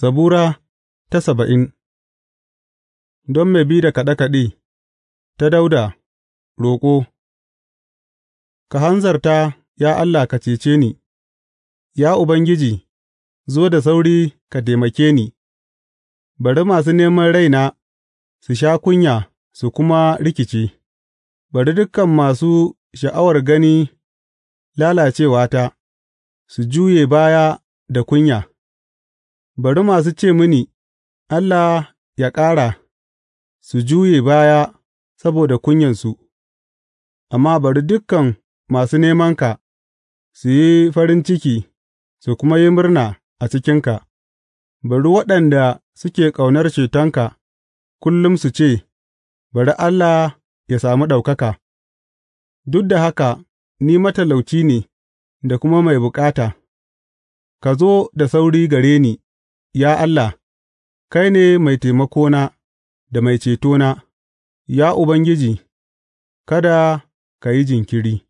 Zabura ta saba'in Don mai bi da kaɗe-kaɗe, ta Dauda, roƙo Ka hanzarta, ya Allah, ka cece ni, Ya Ubangiji, zo da sauri ka taimake ni, bari masu neman raina su sha kunya su kuma rikici bari dukan masu sha'awar gani lalacewata su juye baya da kunya. Bari masu ce mini, Allah ya ƙara, su juye baya saboda kunyansu, amma bari dukan masu nemanka su yi farin ciki su kuma yi murna a cikinka; bari waɗanda suke ƙaunar shetonka kullum su ce, Bari Allah ya sami ɗaukaka, duk da haka ni matalauci ne da kuma mai bukata, ka zo da sauri gare ni. ya Allah, kai ne mai taimakona da mai cetona; Ya Ubangiji, kada ka yi jinkiri.